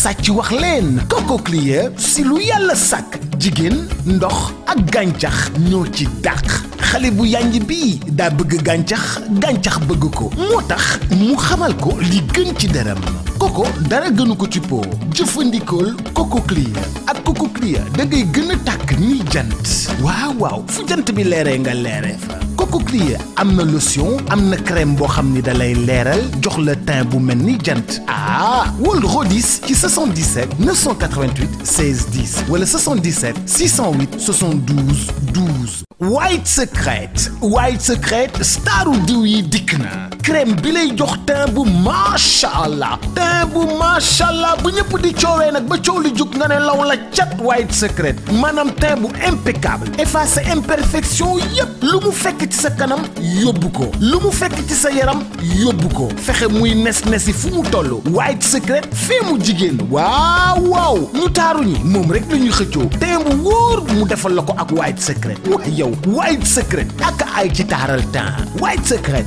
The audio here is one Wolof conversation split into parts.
sàcc wax leen coquelier si lu yàlla sàkk jigéen ndox ak gàncax ñoo ci dàq xale bu yànj bi daa bëgg gàncax gàncax bëgg ko moo tax mu xamal ko li gën ci deram koko dara gënu ko ci po jëfandikool coquelier ak coquelier da ngay gën a tàkk ñuy jant waaw waaw fu jant bi leeree nga leere fa am lotion am crème boo xam ni da teint bu ah wol Rodis 77 988 16 10 le 77 608 72 12. White Secret White Secret star ou yi crème bi lay jox teint bu macha allah teint bu macha allah bu ñëpp di coowee nag ba coow li jug nga ne law la cat white secret maanaam teint bu impeccable effacer imperfection yépp lu mu fekk ci sa kanam yóbbu ko lu mu fekk ci sa yaram yóbbu ko fexe muy nes nesi fu mu toll white secret fee mu jigéen waaw waaw ñu taaru ñi moom rek la ñuy xëccoo teint wóor mu defal la ko ak white secret waaye yow white secret ak ay ci taaral teint white secret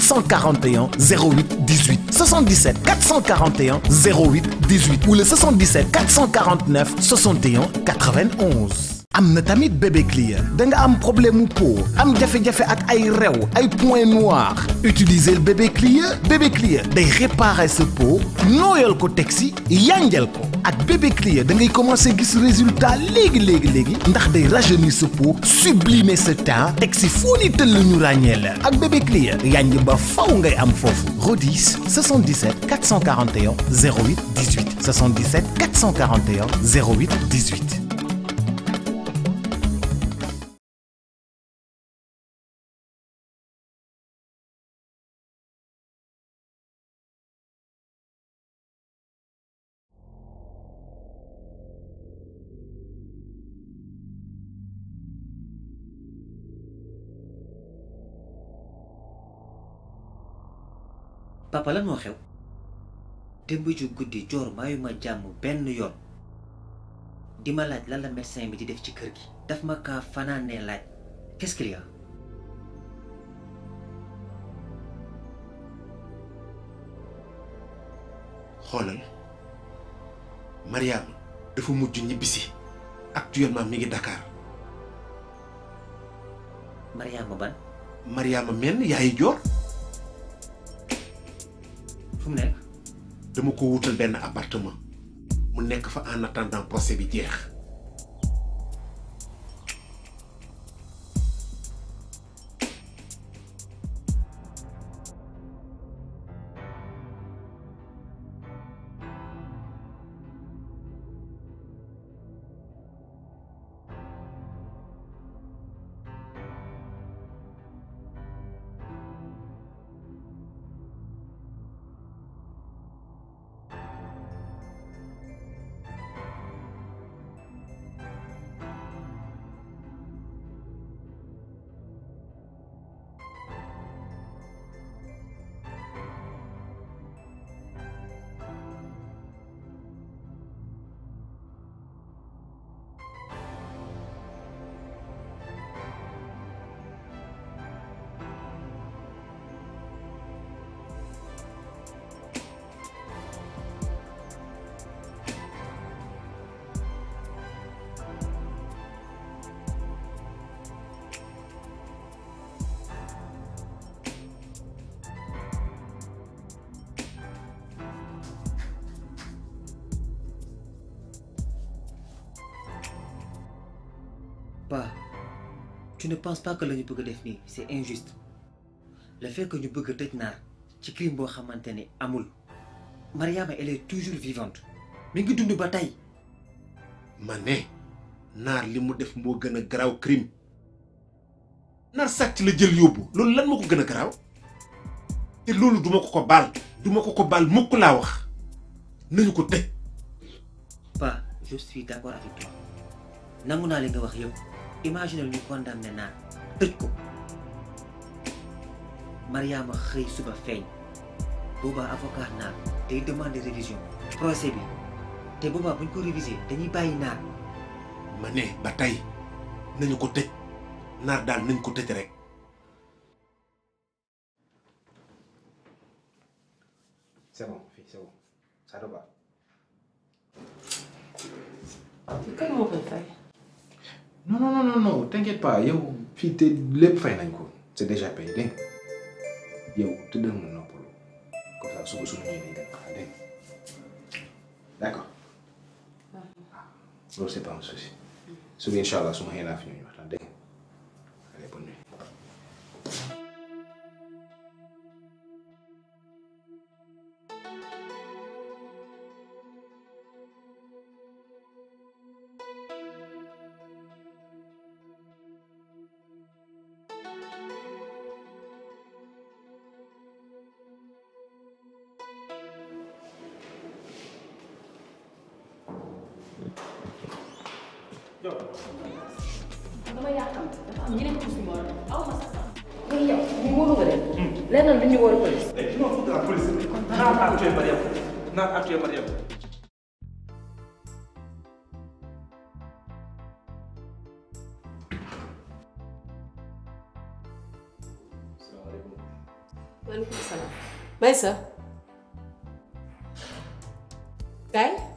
441 08 18 77 441 08 18 ou le 77 449 61 91 amna tamit bébé clear da nga am problème mu peau am jafe-jafe ak ay rew ay point noir utiliser bébé clear bébé clear day réparer ce peau nooyal ko teg si ko ak bébé clear da ngay commencer gis résultat légui légui légui ndax day rajeunir ce peau sublimer ce teint teg si foo ni ñu ragnel Avec ak bébé clear yanj ba faw ngay am fofu rodis 77 441 08 18 77 441 08 18 papa lan mo xew dembu ju guddi jor mayuma jàmm ben yoon di laaj lan la médecin bi di def ci kër gi daf ma ka fanane laaj qu'est-ce qu'il y a xolal Mariam dafa mujj ñibbisi actuellement mi ngi Dakar Mariam ban Mariam men yaay jor. Je vais dama à appartement Je en attendant procès pas tu ne penses pas que la ñu bëgg def c'est injuste le fait que ñu bëgg a Nar, ci crime boo xamante amul Mariama elle est toujours vivante mi ngi dund ba tey Mané, Nar, naar li mu def ne gën a garaaw crime naar sàcc la jël yóbbu loolu lan moo ko gën a garaaw te loolu duma ko ko baal duma ko ko baal mukk laa wax nañu ko pa je suis d'accord avec toi nangu naa li wax imagine ñu condamné naan tëj ko Mariama xey suba feeñ boba avocat naan té demandé révision procès bi té boba buñ ko réviser dañuy bàyyi naar mané ne ba tey nañu ko tej naar dal nañ ko tëj rek c'est bon fi c'est bon ça te va kan moo koy fay non non non non non t'inquiète pas yow fii le lépp fay nañ c'est déjà payé dégg yow tëddal mu noppalu comme ça suba suba ñëwee dañ d'accord ah. Ah, loolu c'est pas un souci Souviens-toi, allah su ma xëy naa fi ñuy actué Mariam naan actué Mariam salaamaaleykum maaleykum salaam Maysa kaay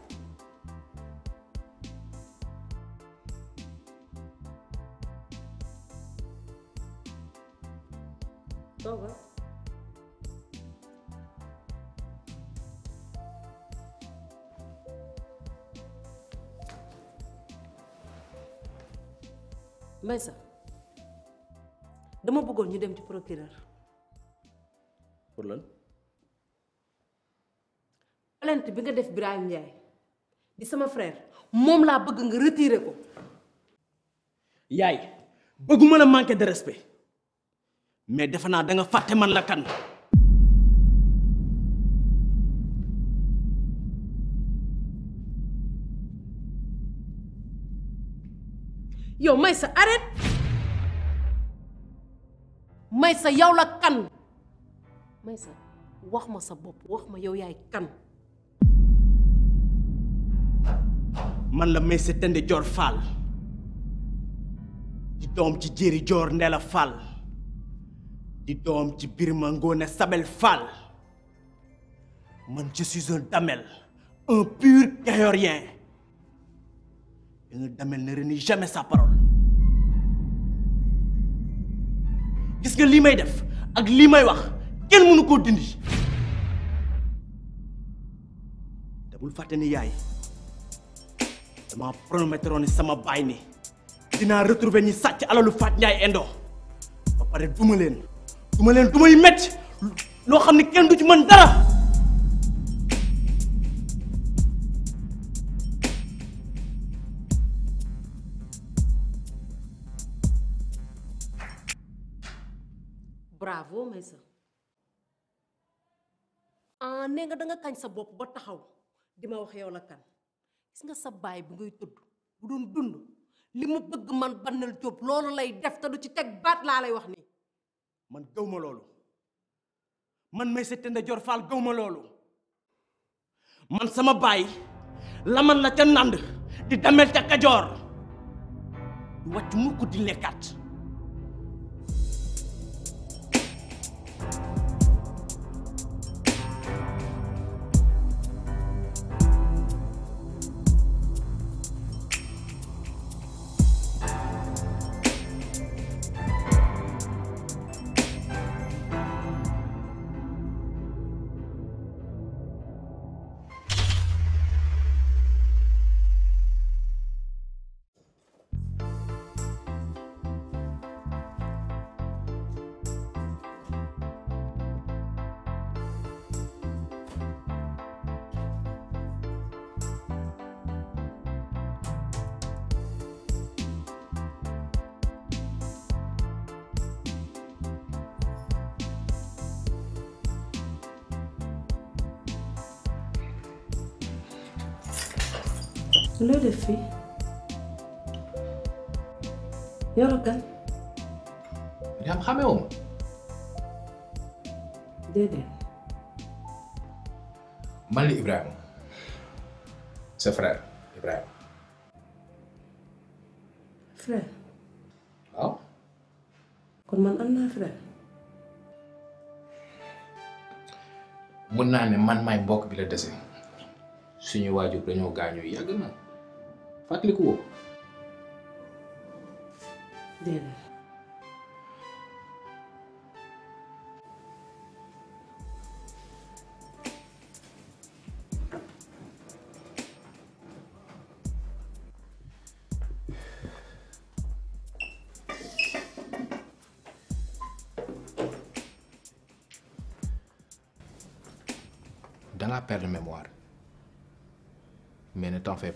dama bëggoon ñu dem ci procureur. pour lan. plainte bi nga def bi Ndiaye di sama frère moom laa bëgg nga rëtiire ko. yaay bëgguma la manquer de respect mais defe naa da fàtte man la kan. yow may sa arrête may sa yow la kan may sa wax ma sa bopp wax ma yow yaay kan man la Maïssa Tendé Dior Fall di doom ci Jéeri Dior Ndella di doom ci Birma Ngone Sabel Fall man je suis damel un pur Kayorien Le damel ne renie jamais sa parole que je li may def ak li may wax ne mënu koo dindi te bul fàtte ni yaay dama promettre ni sama baay ni dinaa retrouver ñi sàcc alalu Fat Ndiaye Endo vais pare duma leen Je ne vais pas metti mettre. Je ne kenn du ci mën dara doo may ah, nga da nga kañ sa bop ba taxaw di wax yow la kan gis nga sa bay bu ngay tudd bu doon dund limu bëgg man banal jóob loolu lay def ta du ci tek bat la lay wax ni man gawma loolu man may sété nda jor fal gawma loolu man sama la laman la ca nand di damel ca wacc mu ko di lekkat Thank you. looy def fii Yoro kan Mariam xamewuma déedéet man la Ibrahima sa frère Ibrahima frère waaw kon man am naa frère mun naa ne man maay mbokk bi la dese suñu waajur dañoo gaañoo yàgg fàttaliku woo. déedéet.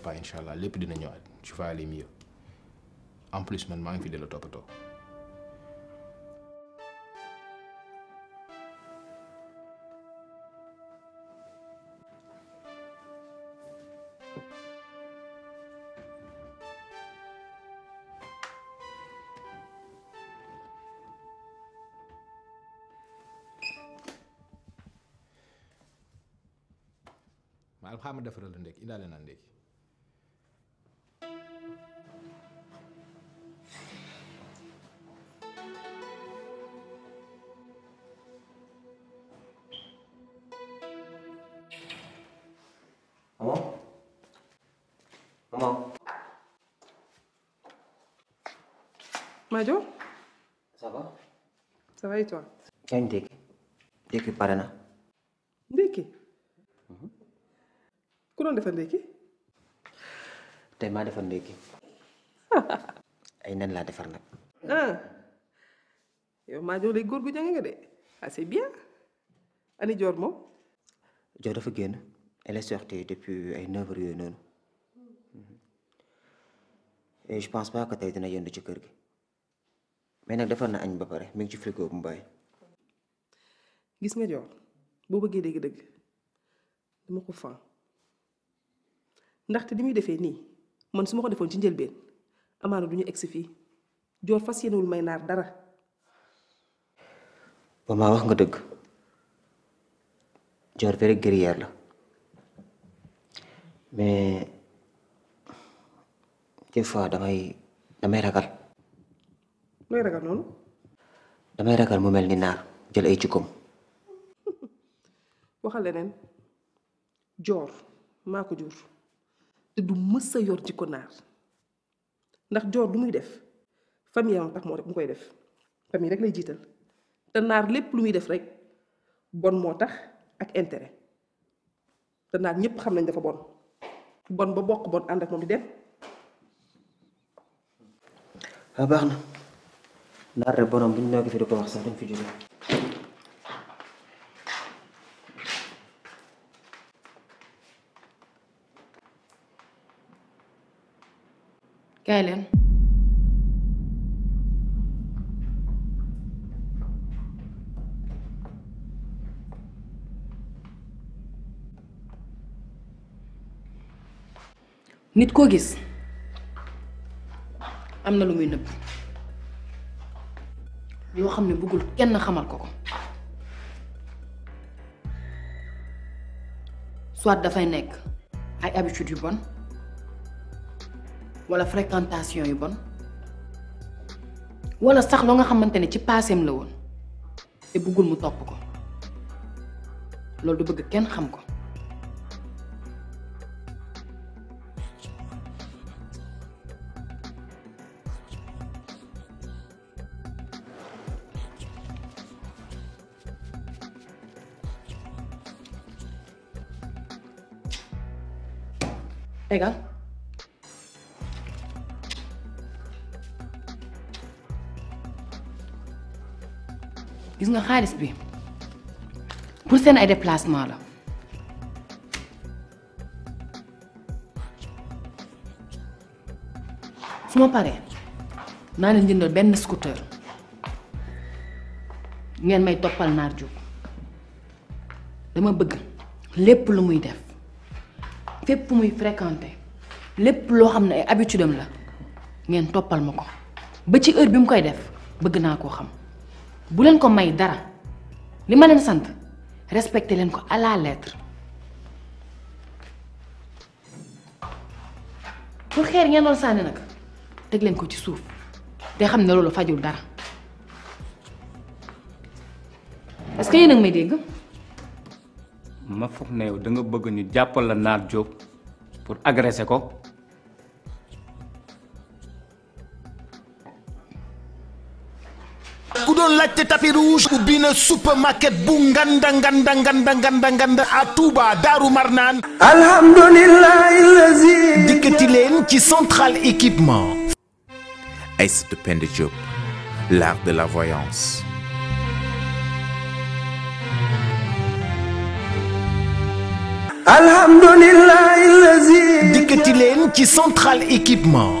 t'inquiète pas incha allah lépp dina ñëwaat tu vas aller mieux en plus man maa ngi la toppatoo. ma alxaama defaral la ndékki indaale naa ndékki Madior. ça va. ça va et toi. yaa pare na. ndékki. ku doon defar ndékki. tey maa defar ndékki. ay nen laa defar nag. ah yow Madior léegi góor gu jàng nga de ah c'est ani Dior moom. Dior dafa génn elle est sortie depuis ay euh, neuf heures yooyu noonu et je pense pas que tey dina yëndu ci kër gi. mais nag defar na añ ba pare mi ngi ci frigo bu mu bàyyi. gis nga jox boo bëggee dëgg-dëgg dama ko fan ndaxte li muy defee nii man su ma ko defoon ci njëlbeen amaana du ñu egsi fii joor fas yéenewul may naar dara. ba ma wax nga dëgg joor vrai guerrier la mais des fois damay damay ragal. looy ragal noonu. damay ragal mu mel ni naar jël ay jikkoom. waxal leneen joor maako ko jur te du mës yor jikko naar ndax joor du muy def famille am moo rek mu koy def famille rek lay jiital te naar lépp lu muy def rek bon moo tax ak intere te naar ñépp xam nañ dafa bon bon ba boq bon ànd ak moom di dem. Ah, baax na. لا ربنا من ناقف لكم أحسن في جريمة قالن nit koo gis am na yoo xam ne bëggul kenn xamal ko ko soit dafay nekk ay habitudes yu bon wala fréquentation yu bon wala sax loo nga xamante ne ci paaseem la woon te bëggul mu topp ko loolu du bëgg kenn xam ko Egal. gis nga xaalis bi pour seen ay déplacement la su ma paree naa leen jëndal benn scooter ngeen may toppal naar jóg dama bëgg lépp lu muy def fépp muy fréquenté lépp loo xam ne ay habitude am la ngeen toppal ma ko ba ci heure bi mu koy def bëgg naa koo xam bu leen ko may dara li ma leen sant respecté leen ko à la lettre pour xeer ngeen doon sànni nag teg leen ko ci suuf te xam ne loolu fajul dara est-ce que yéen a may dégg. ma foog ne da nga bëgg ñu jàppal la Naar Diop pour agresser ko. ku doon laajte tapis rouge ubbi na supermarket bu nganda nganda nganda nganda nganda à Touba Daru Marnaan alhamdulillahi lazi dikkati leen ci central équipement Aïssatou Pende Diop l'art de la voyance que tu l'aimes ci central équipement.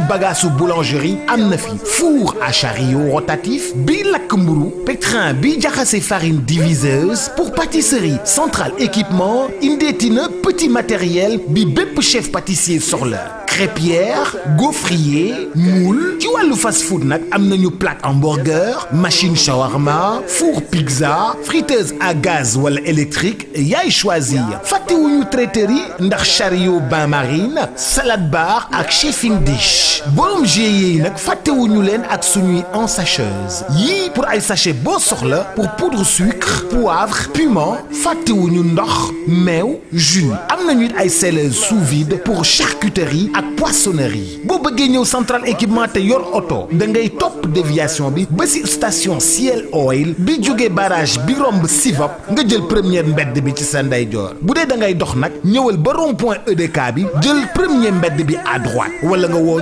bagasse ou boulangerie amnafi four à chariot rotatif bil la pétrin bi farine diviseuse pour pâtisserie central équipement indétineux petit matériel bi chef pâtissier l'heure crêpière gaufrier moule vois le fast food nat am hamburger machine shawarma four pizza friteuse à gaz wala électrique y choisir ou ou yi ndax chariot bain marine salade bar ak in dish borom GIE nak faté wuñu len ak suñuy sacheuse yi pour ay sachet bo soxla pour poudre sucre poivre piment fàttewuñu ndox meew jus am nañu it ay selleuse sous vide pour charcuterie ak poissonnerie bo bëggé ñëw central équipement té yor auto da ngay top déviation bi ba ci station ciel oil bi jugé barrage bi romb Sivop nga jël première mbedd bi ci sanday ndeyjoor budé da ngay dox nak ñëwël ba rond point EDK bi jël premier mbedd bi à droite wala nga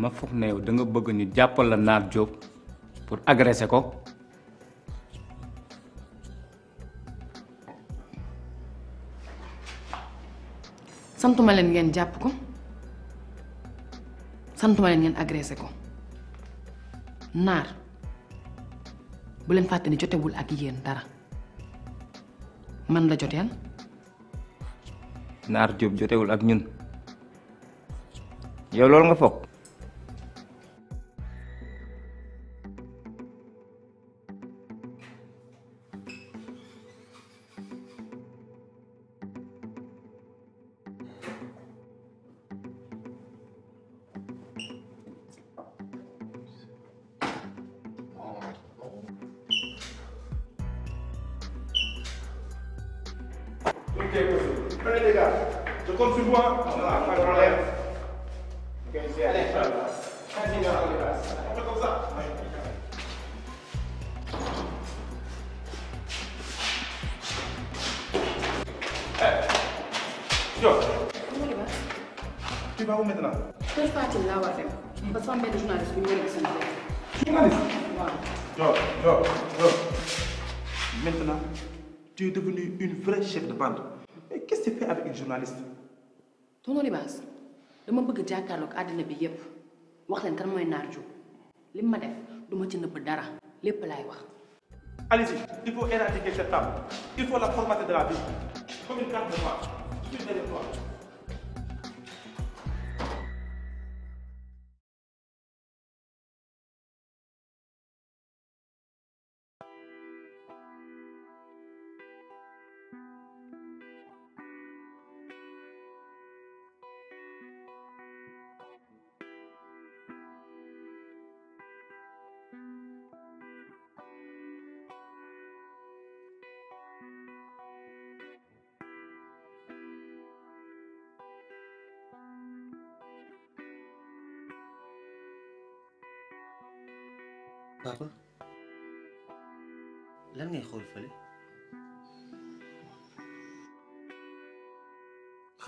ma foog ne yow da nga bëgg ñu jappal la naar job pour agresser ko santuma len ngeen japp ko santuma len ngeen agresser ko naar bu len fatani jotté wul ak yeen dara man la joteel naar jotté wul ak ñun yow loolu nga fokk comme tu vois. Pas de problème. Ok, c'est allez. Continue On fait comme ça. Eh, yo. Tu vas où maintenant Je suis parti là, on va faire. Parce qu'on met des journalistes, Journaliste Yo, yo, yo. Maintenant, tu es devenu une vraie chef de bande. Mais qu'est-ce que tu fais avec une journaliste tonton Libaas dama bëgg jàkkaarloog àddina bi yépp wax leen kan mooy naar ju li ma def duma ci nëbb dara lépp lay wax. allez il faut éradiquer cette table il faut la formater de la vie comme une carte de mémoire.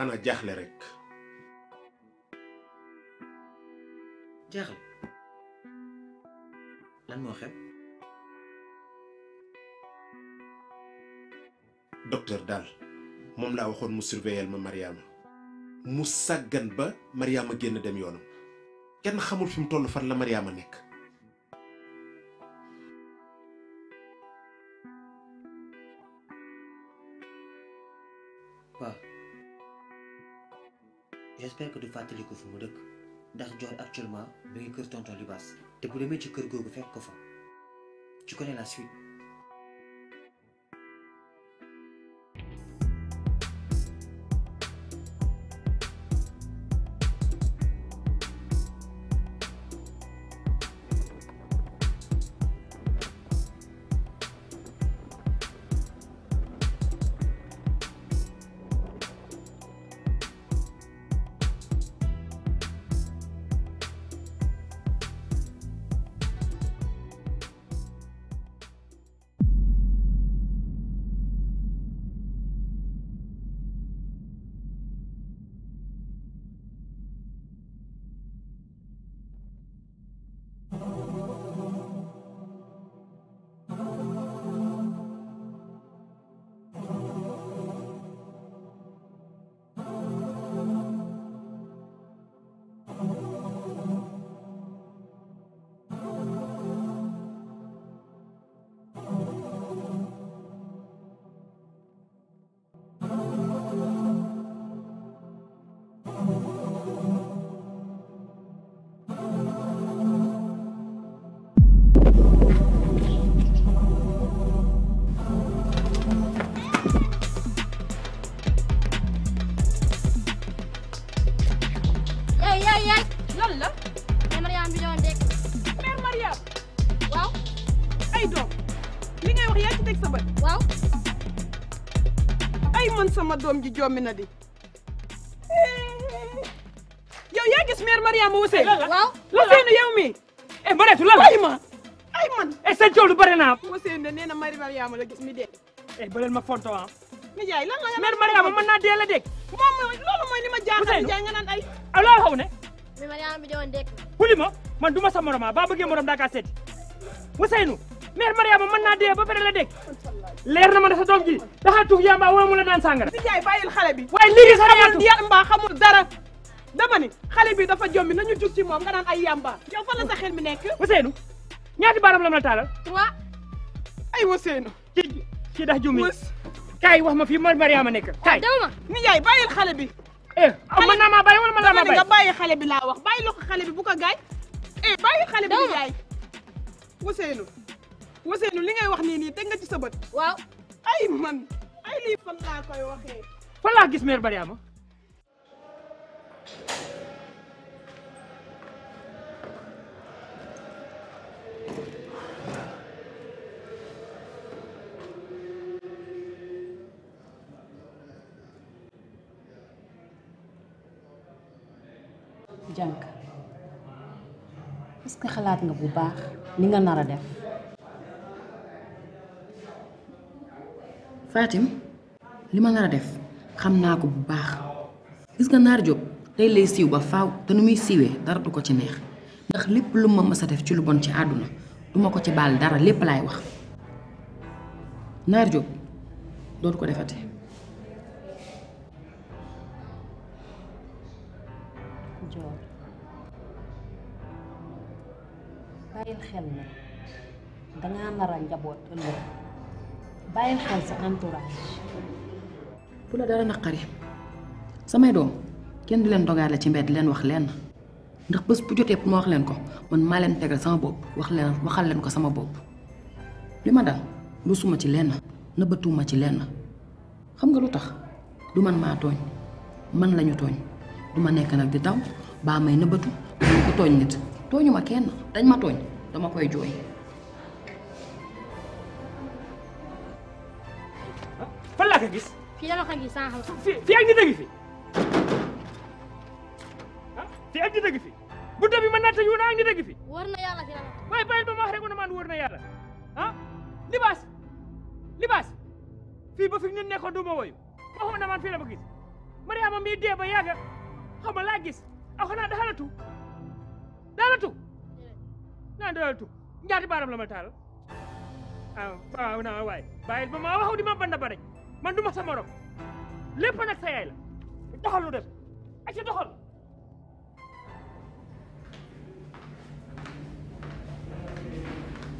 xanaa jaaxle rek. jaaxle lan moo xew. docteur daal moom laa waxoon mu surveiller ma Mariama mu sàggan ba Mariama génn dem yoonam kenn xamul fi mu toll fan la Mariama nekk. j'espère que du fàttaliku fi mu dëkk ndax Dior actuellement mu ngi kër tonton Libaas te bu demee ci kër googu fekk ko fa tu connais la suite lan la. waaw. ay doom li ngay wax yaa ci teg waaw. ay man sama doom ji jommi na di. yow yaa gis mère Mariam la waaw eh, lan la yow la ay ma. ay man eh seen coow lu bëri naa. Ousseynou la gis mi dee. eh ba leen fonto ah. Ndiaye lan la naa dee la dégg. moom li ma jaaxal nga naan ay. alors ah, xaw ne. mi mariama mbiɗo on dek hulima man duma samoro ma baba ge morom daka sedi wusaynu mère mariama man na de ba pare dek leer na ya ma da sa doom ji daxa tug yamba wala mu la daan sangara bi jaay bayil xale bi waaye ligi sa xamul yar mba xamul dara dama ni xale bi dafa jommi nañu jug ci moom nga naan ay yamba yow la sa xel mi nekk wusaynu ñaati baram lam la taalal trois ay wusaynu ci jumi kay wax ma fi mar mariama nekk kay dama ni jaay bayil xale Eh, ah, mën naa maa bàyyi wala mën naa maa bàyyi xale bi laa wax bàyyi loxo xale bi bu ko gaañ. Eh, bàyyi xale bi yaay. Ousseynou Ousseynou li ngay wax nii nii teg ci sa bët. waaw ay man ay lii fan laa koy gis mère Bariama xalaat nga bu baax li nga nar a def li ma nar a def xam naa ko bu baax gis nga Naar Diop tey lay siiw ba faaw te nu muy siiwee dara du ko ci neex ndax lépp lu ma mës a def ci lu bon ci àdduna duma ko ci baal dara lépp laay wax Naar Diop dootu ko defati xel ne dangaa nara njaboot ëllëg bàyyil xel sa entourage bu la dara naqari samay doom kenn du leen dogaale ci mbedd leen wax leen ndax bés bu jotee pour ma wax leen ko man maa leen tegal sama bopp wax leen waxal leen ko sama bopp li ma dal rusuma ci lenn nëbbatuwuma ci lenn xam nga lu tax du man maa tooñ man lañu tooñ du ma nekk nag di daw baa may nëbbatu du ko tooñ nit tooñu kenn dañ ma tooñ dama koy jooy. fan laa ko gis. fii dama ko gis sànq. fii fii ak nit a ngi fi. ah fii ak nit a ngi fi. bunte bi mën naa tëj woon ak nit a ngi fi. na yàlla la. waaye bàyyil ba ah, ba fi ñu nekkoon du ma woyu waxuma na man ma gis Mariama mii dee ba yàgg xam nga laa gis ah xanaa daa tu daa tu naa dalal tu ñaati baaram la ma taal ah waaw naa waay bàyyil ba ma waxaw di ma banda ba rek man du ma sa morom lépp nag sa yaay la doxal lu dem aca doxal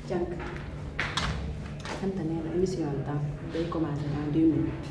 jànk sant nee na émission bi tam day commencé dans deux minutes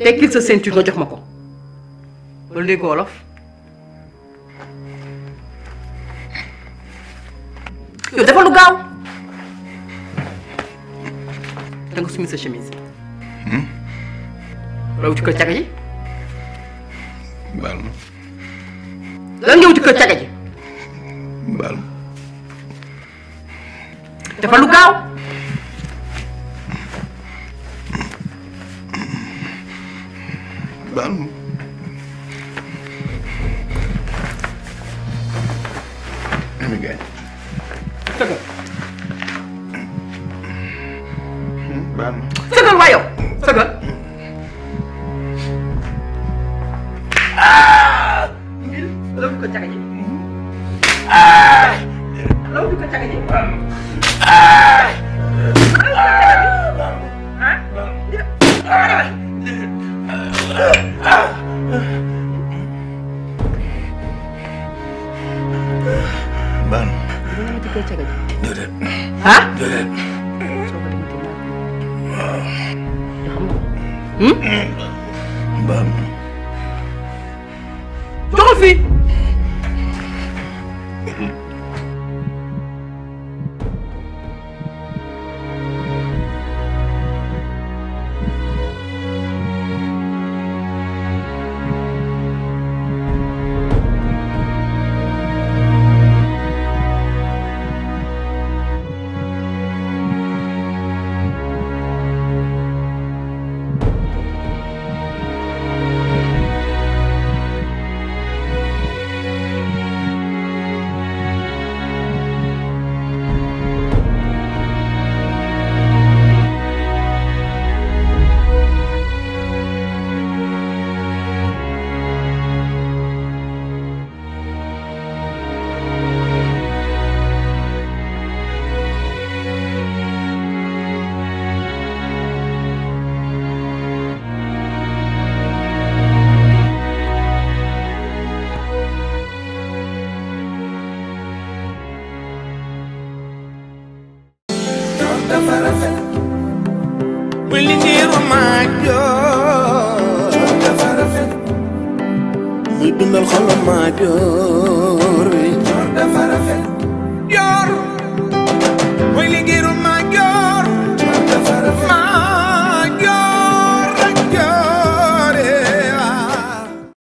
tekkil sa ceinture nga jox ma ko loolu dégg wolof yow defal lu gaaw da nga summi sa chemise loo wuti kër caga ji baal ma lan nga ci kër caga ji baal ma dafa lu gaaw ben